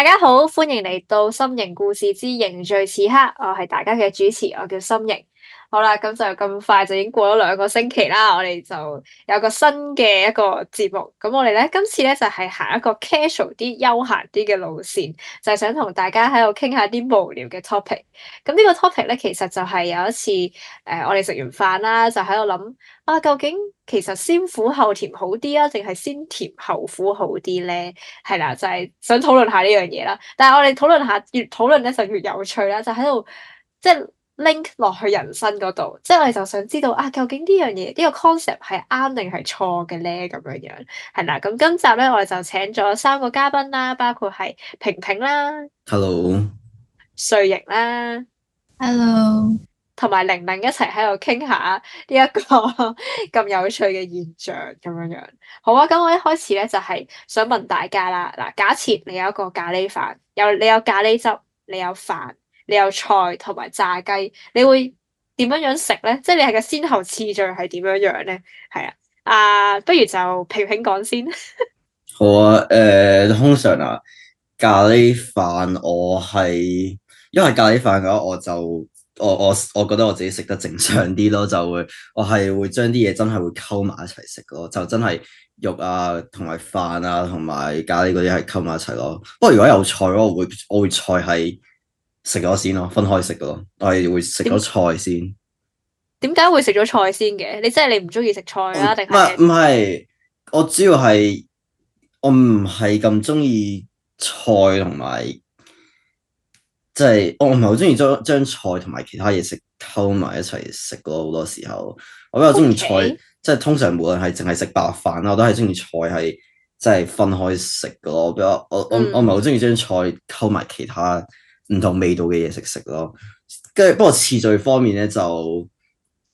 大家好，歡迎嚟到《心形故事之凝聚此刻》，我係大家嘅主持，我叫心形。好啦，咁就咁快就已經過咗兩個星期啦。我哋就有個新嘅一個節目，咁我哋咧今次咧就係、是、行一個 casual 啲、休閒啲嘅路線，就係、是、想同大家喺度傾下啲無聊嘅 topic。咁呢個 topic 咧，其實就係有一次，誒、呃，我哋食完飯啦，就喺度諗啊，究竟其實先苦後甜好啲啊，定係先甜後苦好啲咧？係啦，就係、是、想討論下呢樣嘢啦。但係我哋討論下，越討論咧就越有趣啦。就喺度即係。Link 落去人生嗰度，即係我哋就想知道啊，究竟呢樣嘢呢個 concept 係啱定係錯嘅咧？咁樣樣係啦。咁今集咧，我哋就請咗三個嘉賓啦，包括係平平啦，Hello，碎迎啦，Hello，同埋寧寧一齊喺度傾下呢一個咁 有趣嘅現象咁樣樣。好啊，咁我一開始咧就係、是、想問大家啦，嗱，假設你有一個咖喱飯，有你有咖喱汁，你有飯。你有菜同埋炸雞，你會點樣樣食咧？即係你係個先後次序係點樣樣咧？係啊，啊，不如就平平講先。好啊，誒、呃，通常啊，咖喱飯我係因為咖喱飯嘅話我，我就我我我覺得我自己食得正常啲咯，就會我係會將啲嘢真係會溝埋一齊食咯，就真係肉啊同埋飯啊同埋咖喱嗰啲係溝埋一齊咯。不過如果有菜嘅話，我會我會菜係。食咗先咯，分開食噶咯，我係會食咗菜先。點解會食咗菜先嘅？你真係你唔中意食菜啊？定係唔係？唔係，我主要係我唔係咁中意菜同埋，即係我唔係好中意將將菜同埋其他嘢食溝埋一齊食咯。好多時候我比較中意菜，即係 Okay. 通常無論係淨係食白飯啦，我都係中意菜係，即係分開食噶咯。比較我我、嗯、我唔係好中意將菜溝埋其他。唔同味道嘅嘢食食咯，跟住不過次序方面咧就，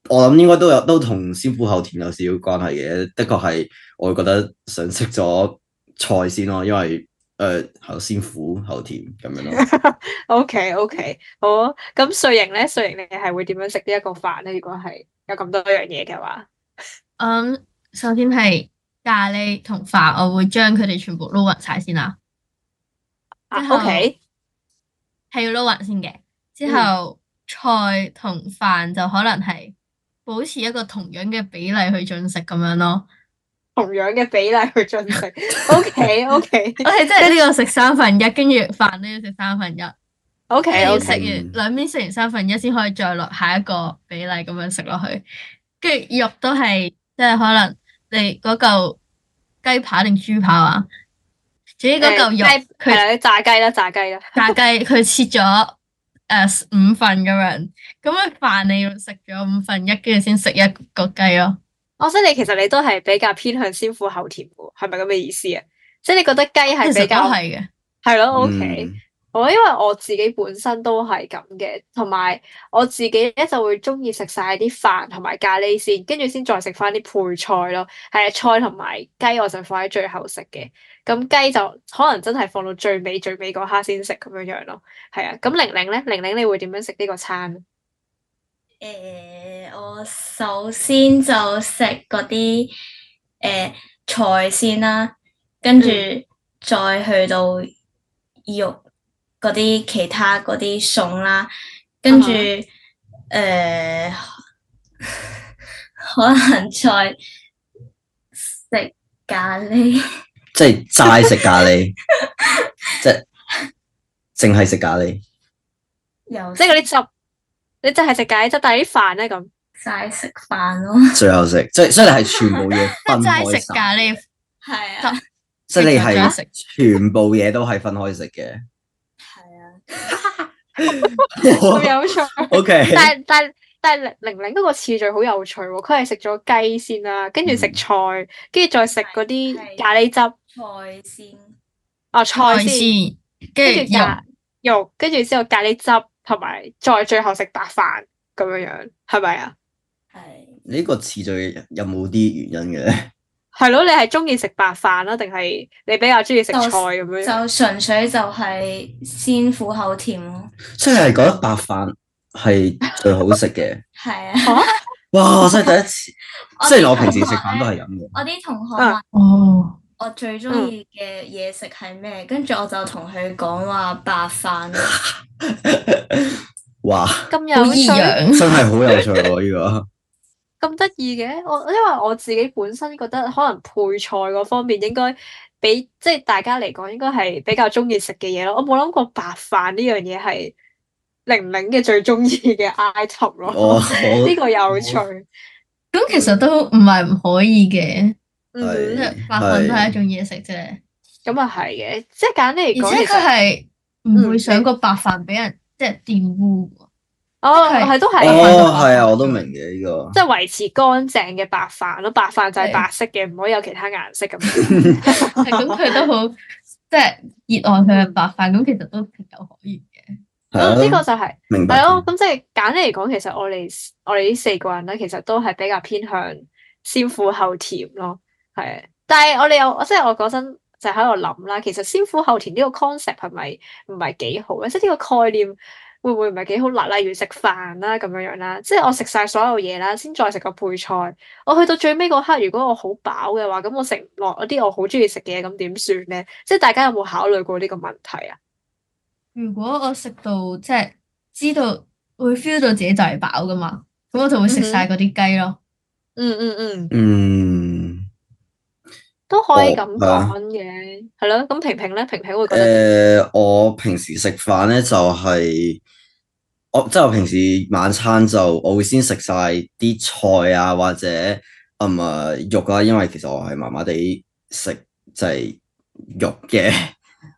我諗應該都有都同先苦後甜有少少關係嘅，的確係我會覺得想食咗菜先咯，因為誒、呃、後先苦後甜咁樣咯。O K O K，好，咁碎迎咧，碎迎你係會點樣食呢一個飯咧？如果係有咁多樣嘢嘅話，嗯，um, 首先係咖喱同飯，我會將佢哋全部撈勻晒先啦。O K。係要撈匀先嘅，之後菜同飯就可能係保持一個同樣嘅比例去進食咁樣咯，同樣嘅比例去進食。O K O K，O K 即係呢個食三分一，跟住 飯都要食三分一。O K，食完兩邊食完三分一先可以再落下一個比例咁樣食落去，跟住肉都係即係可能你嗰嚿雞扒定豬扒啊。至於嗰嚿肉，佢炸雞啦它，炸雞啦，炸雞佢切咗誒、 呃、五份咁樣，咁樣飯你要食咗五分一，跟住先食一個雞咯、哦。我覺得你其實你都係比較偏向先苦後甜嘅，係咪咁嘅意思啊？即係你覺得雞係比較係咯 OK。嗯我因為我自己本身都係咁嘅，同埋我自己咧就會鍾意食晒啲飯同埋咖喱先，跟住先再食返啲配菜咯。係啊，菜同埋雞我就放喺最後食嘅。咁雞就可能真係放到最尾最尾嗰下先食咁樣樣咯。係啊，咁玲玲咧，玲玲你會點樣食呢個餐？誒、呃，我首先就食嗰啲誒菜先啦，跟住再去到肉。嗰啲其他嗰啲餸啦，跟住誒、uh huh. 呃，可能再食咖喱， 即係齋食咖喱，即係淨係食咖喱，又 即係嗰啲汁，你淨係食咖喱汁，但係啲飯咧咁，齋食飯咯，最後食，即係所以你係全部嘢分開食咖喱，係啊，即係你係全部嘢都係分開食嘅。好 有趣，OK 但。但係但係但係玲玲嗰個次序好有趣，佢係食咗雞先啦，跟住食菜，跟住再食嗰啲咖喱汁菜先，啊、哦、菜先，跟住肉肉，跟住之後咖喱汁，同埋再最後食白飯咁樣樣，係咪啊？係是。呢個次序有冇啲原因嘅？係咯，你係中意食白飯啦，定係你比較中意食菜咁樣？就純粹就係先苦後甜咯。即係覺得白飯係最好食嘅。係 啊。啊哇！真係第一次，即係我平時食飯都係咁嘅。我啲同學話：哦，我最中意嘅嘢食係咩？跟住、啊嗯、我就同佢講話白飯。 哇！好異樣，真係好有趣喎！呢個。咁得意嘅，我因為我自己本身覺得可能配菜嗰方面應該比即係大家嚟講應該係比較中意食嘅嘢咯，我冇諗過白飯呢樣嘢係寧寧嘅最中意嘅 item 咯，呢、哦、個有趣。咁、哦、其實都唔係唔可以嘅，嗯、白飯都係一種嘢食啫。咁啊係嘅，即係、就是、簡單嚟講，而且佢係唔會想個白飯俾人即係玷污。哦，係都係，哦係啊，我都明嘅呢個，即係維持乾淨嘅白飯咯，的白飯就係白色嘅，唔可以有其他顏色咁，咁佢 都好，即係熱愛佢嘅白飯，咁其實都有可以嘅，呢的、嗯、個就係、明白，係咯，咁即係簡單嚟講，其實我哋我哋呢四個人咧，其實都係比較偏向先苦後甜咯，係，但係我哋又，即係我嗰陣就喺度諗啦，其實先苦後甜呢個 concept 係咪唔係幾好咧？即係呢個概念是不是是不是不是不。就是會唔會唔係幾好辣？例如食飯啦、啊、咁樣樣啦，即係我食晒所有嘢啦，先再食個配菜。我去到最尾嗰刻，如果我好飽嘅話，咁我食唔落嗰啲我好中意食嘅嘢，咁點算咧？即係大家有冇考慮過呢個問題啊？如果我食到即係、就是、知道會 feel 到自己就係飽噶嘛，咁我就會食晒嗰啲雞咯。嗯嗯嗯。嗯，都、嗯嗯嗯、可以咁講嘅，係咯、啊。咁平平咧，平平會覺得誒、呃，我平時食飯咧就係、是。我、哦、即係我平時晚餐就我會先食晒啲菜啊或者咁、嗯、啊肉啦，因為其實我係麻麻哋食就係肉嘅，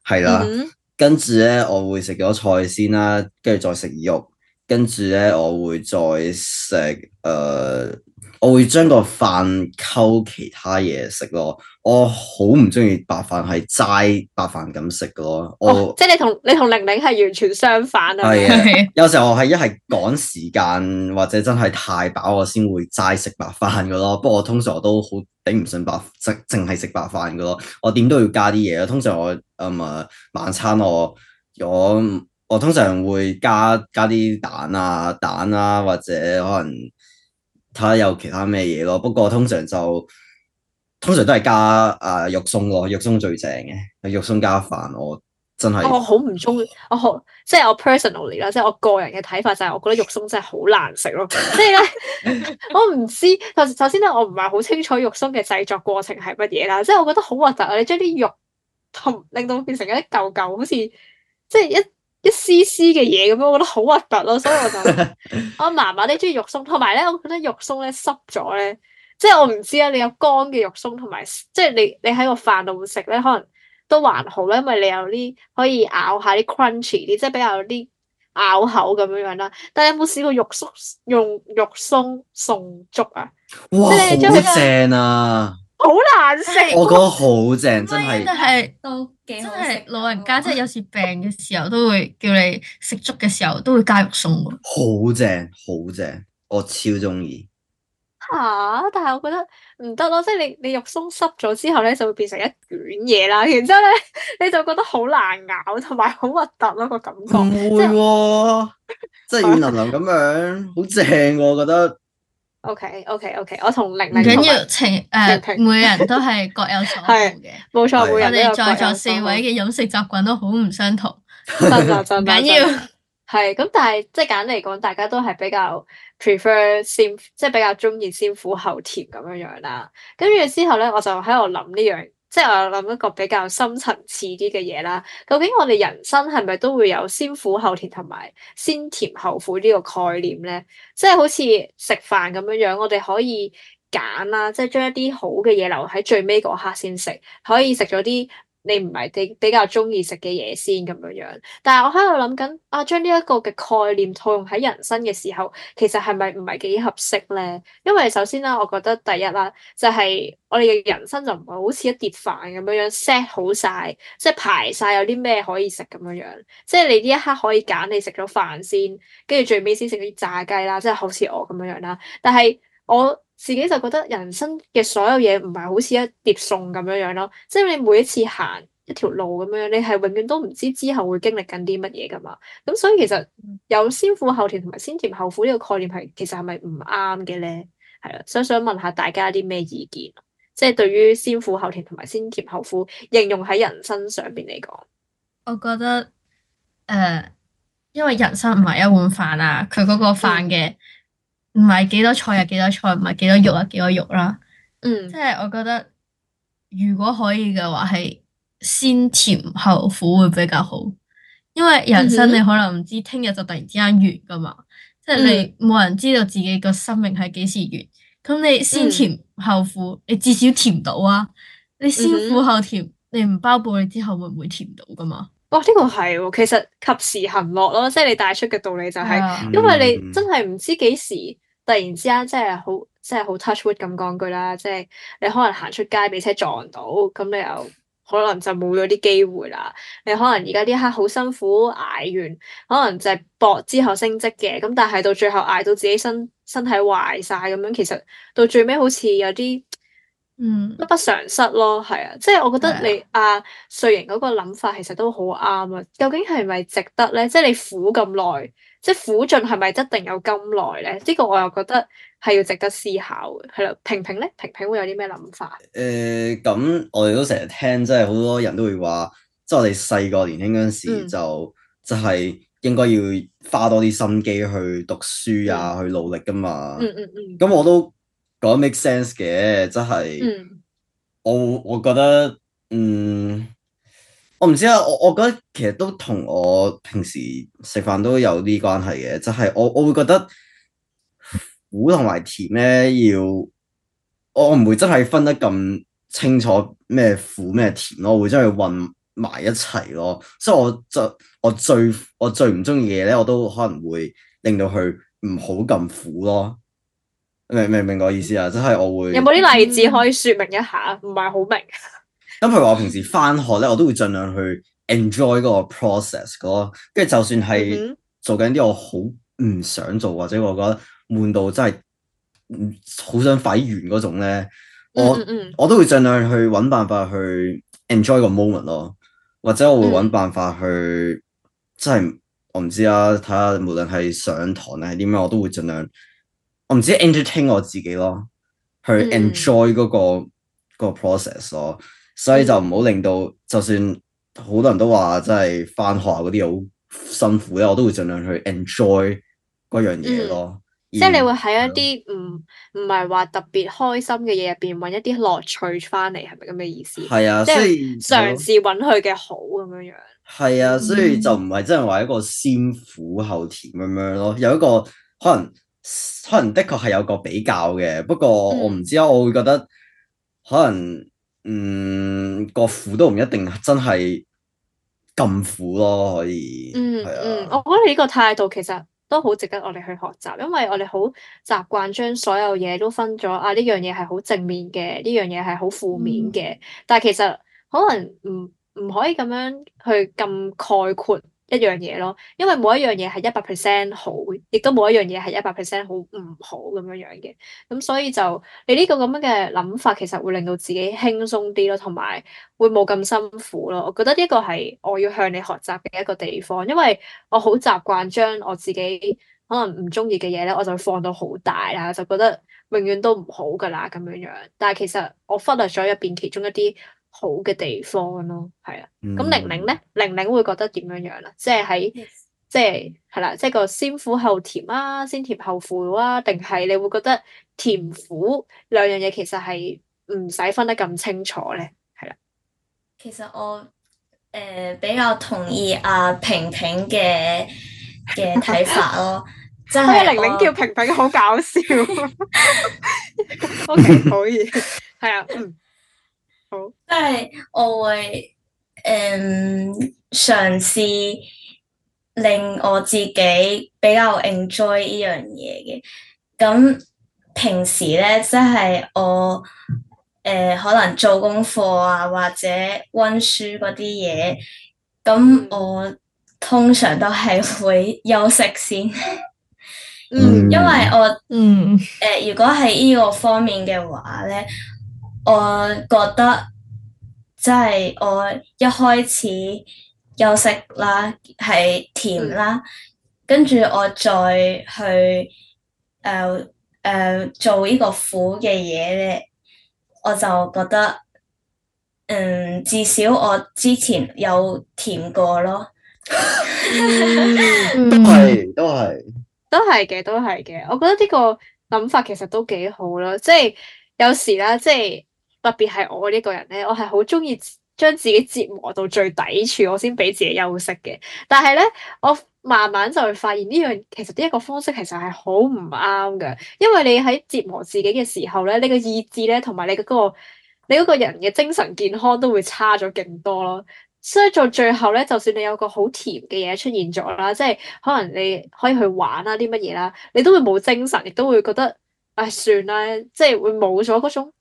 係 啦。嗯、哼跟住咧我會食咗菜先啦，跟住再食肉，跟住咧我會再食誒、呃，我會將個飯溝其他嘢食咯。我好唔中意白飯係齋白飯咁食噶咯，我、哦、即係你同你同玲玲係完全相反啊！係啊的， 有時候我係一係趕時間或者真係太飽，我先會齋食白飯噶咯。不過我通常我都好頂唔順白飯，淨係食白飯噶咯。我點都要加啲嘢咯。通常我咁啊、嗯、晚餐我我我通常會加加啲蛋啊蛋啊或者可能睇下有其他咩嘢咯。不過通常就。通常都係加啊肉鬆咯，肉鬆最正嘅，肉鬆加飯，我真係我好唔中意，我好即係我 personal 嚟啦，即係我個人嘅睇法就係，我覺得肉鬆真係好難食咯。即係咧，我唔知，首先咧，我唔係好清楚肉鬆嘅製作過程係乜嘢啦。即係我覺得好核突啊！你將啲肉同令到變成一啲嚿嚿，好似即係一一絲絲嘅嘢咁樣，我覺得好核突咯。所以我就我麻麻哋中意肉鬆，同埋咧，我覺得肉鬆咧濕咗咧。即係我唔知啊，你有乾嘅肉鬆同埋，即係你你喺個飯度食咧，可能都還好啦，因為你有啲可以咬下啲 crunchy 啲，cr y, 即係比較有啲咬口咁樣樣啦。但係有冇試過肉鬆用肉鬆送粥啊？哇，即好正啊！好難食。 我覺得好正，真係。都幾好食，真係老人家即係有時病嘅時候都會叫你食粥嘅時候都會加肉鬆。好正，好正，我超中意。啊！但係我覺得唔得咯，即係你你肉鬆濕咗之後咧，就會變成一卷嘢啦。然之後咧，你就覺得好難咬同埋好核突咯，個感覺。唔會喎，即係軟腍腍咁樣，好正我覺得。OK，OK，OK，我同玲玲。緊要情誒，每人都係各有所好嘅，冇錯。我哋在座四位嘅飲食習慣都好唔相同，緊要。係咁，但係即係簡嚟講，大家都係比較 prefer 先，即係比較中意先苦後甜咁樣樣啦。跟住之後咧，我就喺度諗呢樣，即係我諗一個比較深層次啲嘅嘢啦。究竟我哋人生係咪都會有先苦後甜同埋先甜後苦呢個概念咧？即係好似食飯咁樣樣，我哋可以揀啦，即係將一啲好嘅嘢留喺最尾嗰刻先食，可以食咗啲。你唔係啲比較鍾意食嘅嘢先咁樣樣，但係我喺度諗緊啊，將呢一個嘅概念套用喺人生嘅時候，其實係咪唔係幾合適咧？因為首先啦，我覺得第一啦，就係我哋嘅人生就唔係好似一碟飯咁樣樣 set 好晒，即係排晒有啲咩可以食咁樣樣，即係你呢一刻可以揀你食咗飯先，跟住最尾先食啲炸雞啦，即係好似我咁樣樣啦。但係我自己就覺得人生嘅所有嘢唔係好似一碟餸咁樣樣咯，即係你每一次行一條路咁樣，你係永遠都唔知之後會經歷緊啲乜嘢噶嘛。咁所以其實有先苦後甜同埋先甜後苦呢個概念係其實係咪唔啱嘅咧？係啊，所以想問下大家啲咩意見？即係對於先苦後甜同埋先甜後苦應用喺人生上邊嚟講，我覺得誒、呃，因為人生唔係一碗飯啊，佢嗰個飯嘅。嗯唔係幾多菜又幾多菜，唔係幾多肉又幾多肉啦。嗯，即係我覺得，如果可以嘅話，係先甜後苦會比較好，因為人生你可能唔知聽日、嗯、哼就突然之間完噶嘛。即係你冇人知道自己個生命係幾時完，咁你先甜後苦，嗯、你至少甜到啊。你先苦後甜，嗯、哼你唔包保你之後會唔會甜到噶嘛？哇這個、哦，呢個係，其實及時行樂咯，即係你帶出嘅道理就係、是，嗯、哼因為你真係唔知幾時。突然之間，即係好，即係好 touch wood 咁講句啦，即係你可能行出街俾車撞到，咁你又可能就冇咗啲機會啦。你可能而家呢一刻好辛苦捱完，可能就係搏之後升職嘅，咁但係到最後捱到自己身身體壞晒咁樣，其實到最尾好似有啲，嗯，得不償失咯。係啊、嗯，即係我覺得你阿的、啊、碎迎嗰個諗法其實都好啱啊。究竟係咪值得咧？即係你苦咁耐。即係苦盡係咪一定有咁耐咧？呢、這個我又覺得係要值得思考嘅，係啦。平平咧，平平會有啲咩諗法？誒、呃，咁我哋都成日聽，即係好多人都會話，即係我哋細個年輕嗰陣時、嗯、就就係、是、應該要花多啲心機去讀書啊，去努力㗎嘛。嗯嗯嗯。咁我都講 make sense 嘅，即係、嗯、我我覺得嗯。我唔知啊，我我覺得其實都同我平時食飯都有啲關係嘅，就係、是、我我會覺得苦同埋甜咧，要我唔會真係分得咁清楚咩苦咩甜咯，我會真係混埋一齊咯。所以我就我最我最唔中意嘅嘢咧，我都可能會令到佢唔好咁苦咯。明明唔明我意思啊？即、就、係、是、我會有冇啲例子可以說明一下？唔係好明。咁譬如話我平時翻學咧，我都會盡量去 enjoy 嗰個 process 咯。跟住就算係做緊啲我好唔想做，或者我覺得悶到真係好想快完嗰種咧，我我都會盡量去揾辦法去 enjoy 個 moment 咯。或者我會揾辦法去，嗯、真係我唔知啊。睇下無論係上堂咧，係點樣，我都會盡量。我唔知 entertain 我自己咯，去 enjoy 嗰、嗰個、嗯、個 process 咯。所以就唔好令到，嗯、就算好多人都話真係翻學嗰啲好辛苦咧，我都會盡量去 enjoy 嗰樣嘢咯。嗯、後即係你會喺一啲唔唔係話特別開心嘅嘢入邊，揾一啲樂趣翻嚟，係咪咁嘅意思？係啊，即係嘗試揾佢嘅好咁樣樣。係啊，嗯、啊，所以就唔係真係話一個先苦後甜咁樣咯。有一個可能，可能的確係有個比較嘅，不過我唔知啊，嗯、我會覺得可能。嗯，個苦都唔一定真係咁苦咯，可以。嗯，係啊，我覺得你呢個態度其實都好值得我哋去學習，因為我哋好習慣將所有嘢都分咗，啊呢樣嘢係好正面嘅，呢樣嘢係好負面嘅，嗯、但係其實可能唔唔可以咁樣去咁概括。一樣嘢咯，因為冇一樣嘢係一百 percent 好，亦都冇一樣嘢係一百 percent 好唔好咁樣樣嘅，咁所以就你呢個咁樣嘅諗法，其實會令到自己輕鬆啲咯，同埋會冇咁辛苦咯。我覺得呢個係我要向你學習嘅一個地方，因為我好習慣將我自己可能唔中意嘅嘢咧，我就放到好大啦，我就覺得永遠都唔好噶啦咁樣樣。但係其實我忽略咗入邊其中一啲。好嘅地方咯，係啊。咁玲玲咧，玲玲、嗯、會覺得點樣樣啦？即係喺，即係係啦，即係個先苦後甜啊，先甜後苦啊，定係你會覺得甜苦兩樣嘢其實係唔使分得咁清楚咧？係啦、啊。其實我誒、呃、比較同意阿平平嘅嘅睇法咯，即係玲玲叫平平好搞笑、啊。 o、okay, K，好以，係啊，嗯。即係我會誒嘗試令我自己比較 enjoy 呢樣嘢嘅。咁平時咧，即係我誒、呃、可能做功課啊或者溫書嗰啲嘢，咁我通常都係會休息先。 嗯，因為我嗯誒、呃，如果係呢個方面嘅話咧。我覺得即係我一開始休息啦，係甜啦，跟住我再去誒誒、呃呃、做呢個苦嘅嘢咧，我就覺得嗯至少我之前有甜過咯，都係都係，都係嘅都係嘅。我覺得呢個諗法其實都幾好咯，即係有時啦，即係。特別係我呢個人咧，我係好中意將自己折磨到最底處，我先俾自己休息嘅。但係咧，我慢慢就會發現呢樣其實呢一個方式其實係好唔啱㗎，因為你喺折磨自己嘅時候咧，你個意志咧同埋你嗰個你嗰個人嘅精神健康都會差咗勁多咯。所以到最後咧，就算你有個好甜嘅嘢出現咗啦，即係可能你可以去玩啦，啲乜嘢啦，你都會冇精神，亦都會覺得唉算啦，即係會冇咗嗰種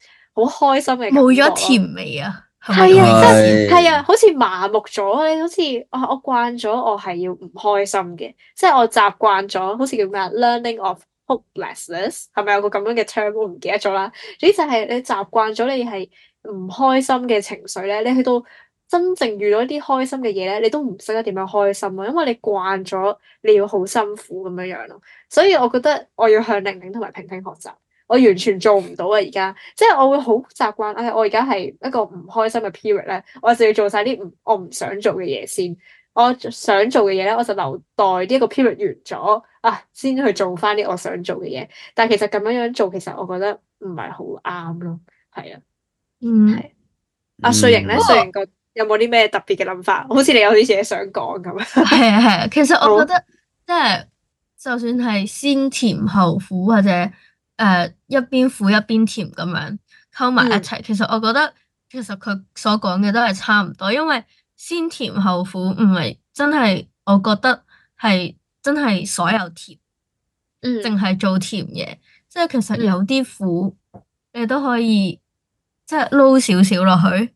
好開心嘅感覺，冇咗甜味啊，係啊，真係係啊，好似麻木咗，好似我我慣咗，我係要唔開心嘅，即係我習慣咗，好似叫咩啊，learning of hopelessness，係咪有個咁樣嘅 term？我唔記得咗啦。總之就係你習慣咗，你係唔開心嘅情緒咧，你去到真正遇到一啲開心嘅嘢咧，你都唔識得點樣開心啊，因為你慣咗，你要好辛苦咁樣樣咯。所以我覺得我要向寧寧同埋平平學習。我完全做唔到啊！而家即係我會好習慣，哎，我而家係一個唔開心嘅 period 咧，我就要做晒啲唔我唔想做嘅嘢先，我想做嘅嘢咧，我就留待呢一個 period 完咗啊，先去做翻啲我想做嘅嘢。但係其實咁樣樣做，其實我覺得唔係好啱咯。係啊，嗯，係阿瑞瑩咧，瑞瑩個有冇啲咩特別嘅諗法，好似你有啲嘢想講咁啊。係係，其實我覺得即係就算係先甜後苦或者。誒、uh，一邊苦一邊甜咁樣溝埋一齊。嗯、其實我覺得，其實佢所講嘅都係差唔多，因為先甜後苦，唔係真係。我覺得係真係所有甜，嗯，淨係做甜嘢，即係其實有啲苦，你都可以即係撈少少落去。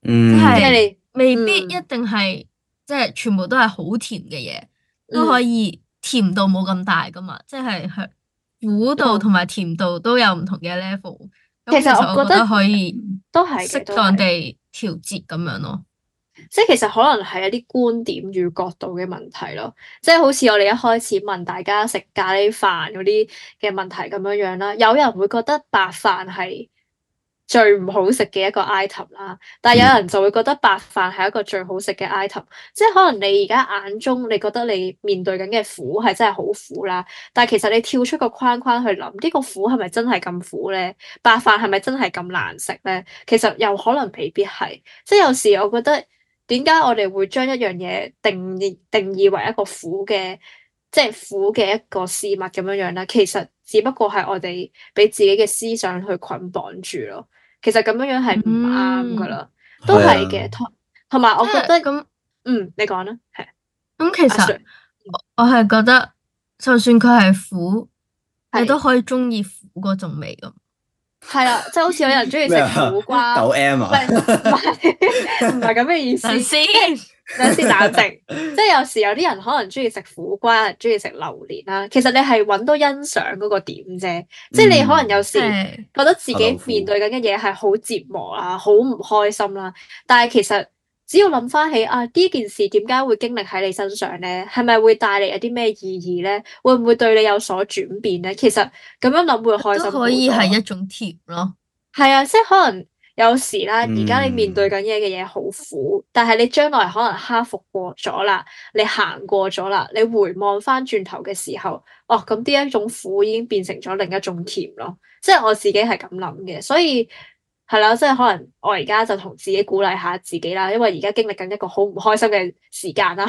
嗯，即係未必一定係，嗯、即係全部都係好甜嘅嘢，都可以甜到冇咁大噶嘛，即係向。苦度同埋甜度都有唔同嘅 level，其實我覺得，我覺得可以都係適當地調節咁樣咯。即係其實可能係一啲觀點與角度嘅問題咯。即係好似我哋一開始問大家食咖喱飯嗰啲嘅問題咁樣樣啦，有人會覺得白飯係。最唔好食嘅一個 item 啦，但係有人就會覺得白飯係一個最好食嘅 item，嗯、即係可能你而家眼中你覺得你面對緊嘅苦係真係好苦啦，但係其實你跳出個框框去諗，呢、呢個苦係咪真係咁苦咧？白飯係咪真係咁難食咧？其實又可能未必係，即係有時我覺得點解我哋會將一樣嘢定義定義為一個苦嘅，即係苦嘅一個事物咁樣樣啦，其實。只不過係我哋俾自己嘅思想去捆綁住咯，其實咁樣樣係唔啱㗎喇，嗯、都係嘅。同埋的我覺得係咁，嗯，嗯，你講啦，係。咁、嗯、其實我我係覺得，就算佢係苦，的你都可以中意苦嗰種味咁。係啦，即係好似有人中意食苦瓜。啊，唔係唔係咁嘅意思先，等先打直。冷靜。 即係有時有啲人可能中意食苦瓜，中意食榴蓮啦。其實你係搵到欣賞嗰個點啫，嗯、即係你可能有時覺得自己，的自己面對緊嘅嘢係好折磨啊，好唔開心啦。但係其實。只要諗翻起啊，呢件事點解會經歷喺你身上咧？係咪會帶嚟一啲咩意義咧？會唔會對你有所轉變咧？其實咁樣諗會開心好多。都可以係一種甜咯，係啊，即係可能有時啦，而家你在面對緊嘢嘅嘢好苦，嗯、但係你將來可能克服過咗啦，你行過咗啦，你回望翻轉頭嘅時候，哦，咁呢一種苦已經變成咗另一種甜咯，即係我自己係咁諗嘅，所以。係啦，即係可能我而家就同自己鼓勵下自己啦，因為而家經歷緊一個好唔開心嘅時間啦。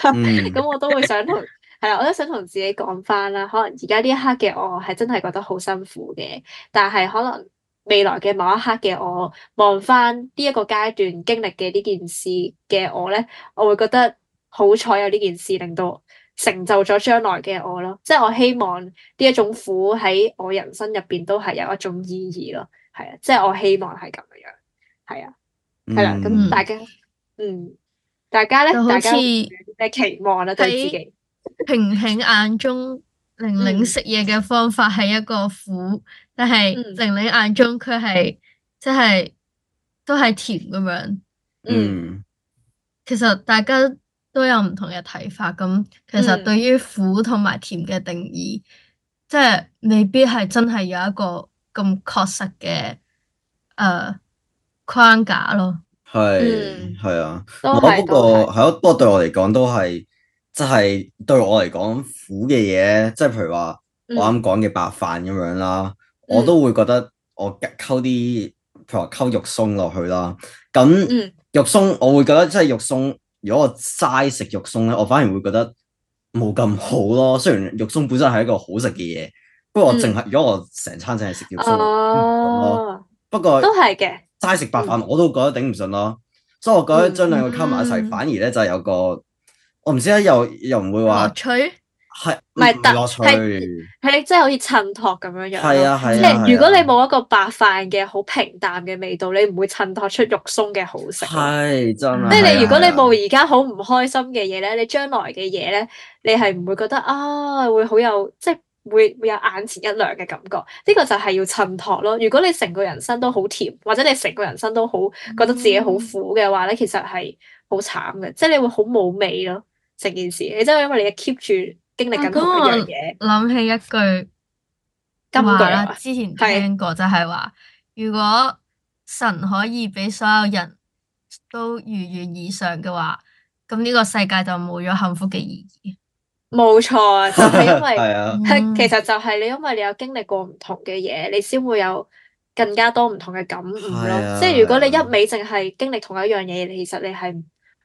咁 我都會想同係啦，我都想同自己講翻啦。可能而家呢一刻嘅我係真係覺得好辛苦嘅，但係可能未來嘅某一刻嘅我望翻呢一個階段經歷嘅呢件事嘅我咧，我會覺得好彩有呢件事令到成就咗將來嘅我咯。即係我希望呢一種苦喺我人生入邊都係有一種意義咯。係，即係我希望係咁樣樣，係啊，係啦、嗯，咁大家，嗯，大家咧，好似大家有啲咩期望咧、啊？對，自己平平眼中寧寧、嗯、食嘢嘅方法係一個苦，但係寧寧眼中佢係即係都係甜咁樣。嗯，嗯，其實大家都有唔同嘅睇法。咁其實對於苦同埋甜嘅定義，即係未必係真係有一個。咁確實嘅誒、呃、框架咯，係係啊，係咯，不過係咯，不過對我嚟講都係，即係對我嚟講苦嘅嘢，即係譬如話我啱講嘅白飯咁樣啦，嗯、我都會覺得我溝啲譬如話溝肉鬆落去啦，咁肉鬆我會覺得即係肉鬆，如果我齋食肉鬆咧，我反而會覺得冇咁好咯。雖然肉鬆本身係一個好食嘅嘢。.不過我淨係如果我成餐淨係食肉鬆，不過都係嘅。齋食白飯我都覺得頂唔順咯，嗯、所以我覺得將兩個溝埋一齊，反而咧就係有個我唔知咧，又又唔會話樂趣係唔係特樂你真即係可以襯托咁樣樣。係啊係，啊即係如果你冇一個白飯嘅好平淡嘅味道，你唔會襯托出肉鬆嘅好食。係真係。即係你如果你冇而家好唔開心嘅嘢咧，你將來嘅嘢咧，你係唔會覺得啊，啊會好有即係。會會有眼前一亮嘅感覺，呢、這個就係要襯托咯。如果你成個人生都好甜，或者你成個人生都好覺得自己好苦嘅話咧，嗯、其實係好慘嘅，即係你會好冇味咯。成件事，你真係因為你 keep 住經歷緊樣嘢。諗、啊、起一句今話啦，今句之前聽過就係話，是如果神可以俾所有人都如願以償嘅話，咁呢個世界就冇咗幸福嘅意義。冇錯，就係、是、因為， 啊、其實就係你，因為你有經歷過唔同嘅嘢，你先會有更加多唔同嘅感悟咯。啊、即係如果你一味淨係經歷同一樣嘢，其實你係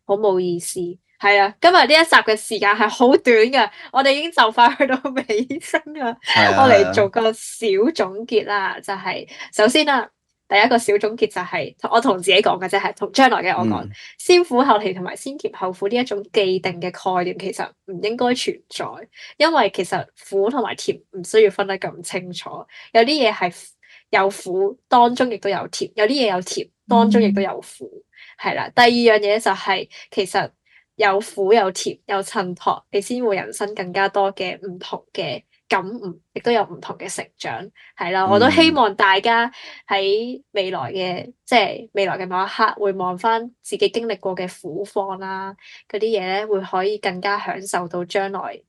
好冇意思。係啊，今日呢一集嘅時間係好短嘅，我哋已經就快去到尾聲啦。啊、我嚟做個小總結啦，就係、是、首先啊。第一個小總結就係、是，我同自己講嘅啫，係同將來嘅我講，嗯、先苦後甜同埋先甜後苦呢一種既定嘅概念，其實唔應該存在，因為其實苦同埋甜唔需要分得咁清楚，有啲嘢係有苦當中亦都有甜，有啲嘢有甜當中亦都有苦，係啦、嗯。第二樣嘢就係、是，其實有苦有甜有襯托，你先會人生更加多嘅唔同嘅。感悟亦都有唔同嘅成長，係啦，我都希望大家喺未來嘅即係未來嘅某一刻，會望翻自己經歷過嘅苦況啦、啊，嗰啲嘢咧會可以更加享受到將來誒、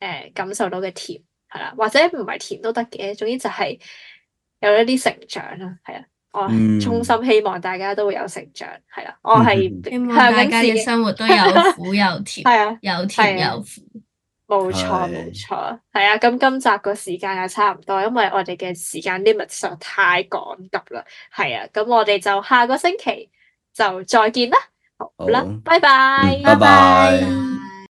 呃、感受到嘅甜，係啦，或者唔係甜都得嘅，總之就係有一啲成長啦，係啊，我衷心希望大家都會有成長，係啦，我係希望大家嘅生活都有苦有甜，係啊 的，有甜有苦。冇錯冇錯，係啊，咁的今集個時間又差唔多，因為我哋嘅時間 limit 上太趕急啦，係啊，咁我哋就下個星期就再見啦，好啦，拜拜，拜拜。